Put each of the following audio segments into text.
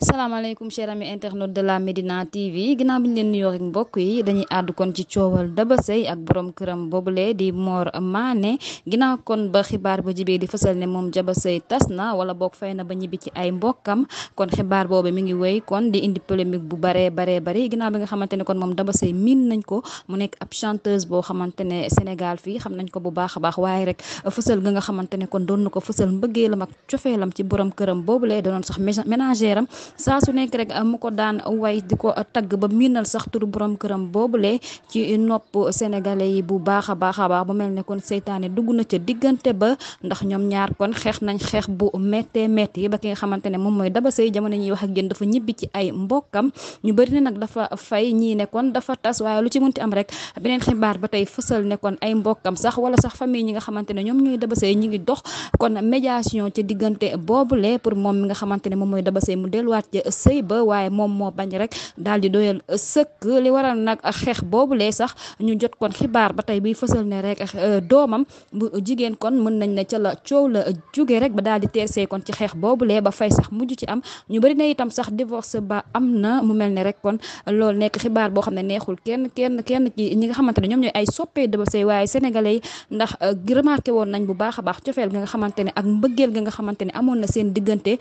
salaamaaleykum chers amis internautes de la Médina TV ginnaaw bi ñu leen nuyoo rek mbokk yi dañuy àddu kon ci coowal Daba Seye ak boroom këram boobule di Mor Mané ginnaaw kon ba xibaar ba jibee di fësal ne moom Daba Seye tas na wala boog fay na ba ñibbi ci ay mbokkam kon xibaar boobu mi ngi wéy kon di indi polémique bu baree baree bari ginnaaw bi nga xamante ne kon moom Daba Seye miin nañ ko mu nekk ab chanteuse boo xamante ne Sénégal fii xam nañ ko bu baax a baax waaye rek fësal nga xamante ne kon doon na ko fësal mbëggeelam ak cofeelam ci borom këram boobule danoon sax ménagère am saa su nekk rek mu ko daan way di ko tagg ba miinal sax turu borom këram boobu boobule ci nopp sénégalais yi bu baax a baax a baax ba mel ne kon seytaane dugg na ca diggante ba ndax ñoom ñaar kon xeex nañ xeex bu méttee métti ba ki nga xamante ne mooy Daba Seye jamono ñuy wax ak yéen dafa ñibbi ci ay mbokkam ñu bëri ne nag dafa fay ñii ne kon dafa tas waaye lu ci munti am rek beneen xibaar ba tey fësal ne kon ay mbokkam sax wala sax famille ñi nga xamante ne ñoom ñooy Daba Seye ñi ngi dox kon médiation ci diggante boobu le pour moom mi nga xamante ne moom mooy Daba Seye mu delluwaat faat ja sëy ba waaye moom moo bañ rek daal di doyal sëkk li waral nag xeex boobu lee sax ñu jot kon xibaar ba tey biy fësal ne rek eh, doomam bu jigéen kon mën nañ ne ca la coow la jóge rek ba daal di teersee kon ci xeex boobu lee ba fay sax mujj ci am ñu bëri na itam sax divorce ba am na mu mel ne rek kon loolu nekk xibaar boo xam ne neexul kenn kenn kenn ci ñi nga xamante ne ñoom ñooy ay soppee Daba Seye waaye sénégalais yi ndax eh, remarqué woon nañ bu baax baax cofeel ga nga xamante ne ak mbëggeel ga nga xamante ne amoon na seen diggante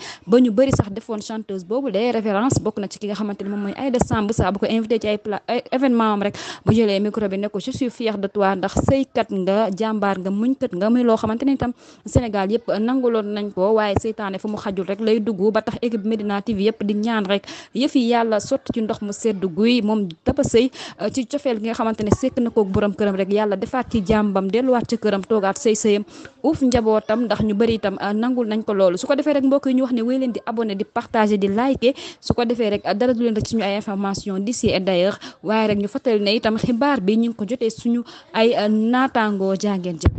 boobu les référence bokk na ci ki nga xamante ni moom mooy Aïda Samb saa bu ko invité ci ay pla événement am rek bu jëlee micro ko je suis fier de toi ndax sëykat nga jàmbaar nga muñkat nga muy loo xamante Sénégal yëpp nanguloon nañ ko waaye seytaane fu mu xajul rek lay dugg ba tax équipe Medina TV di ñaan rek yëf yi yàlla sotti ci ndox mu sedd guy moom dafa sëy euh, ci cofeel nga xamante ne sekk na koog borom këram rek yàlla defaat ci jàmbam delluwaat ci këram toogaat sëy sëyam uuf njabootam ndax ñu bëri itam euh, nangul nañ ko loolu su ko defee rek mbokk yi ñu wax ne wéy liké su ko defee rek dara du leen rek suñu ay information si et d'ailleurs waaye rek ñu fàttali ne itam xibaar bi ñu ngi ko jotee suñu ay naataangoo jàngeen jëf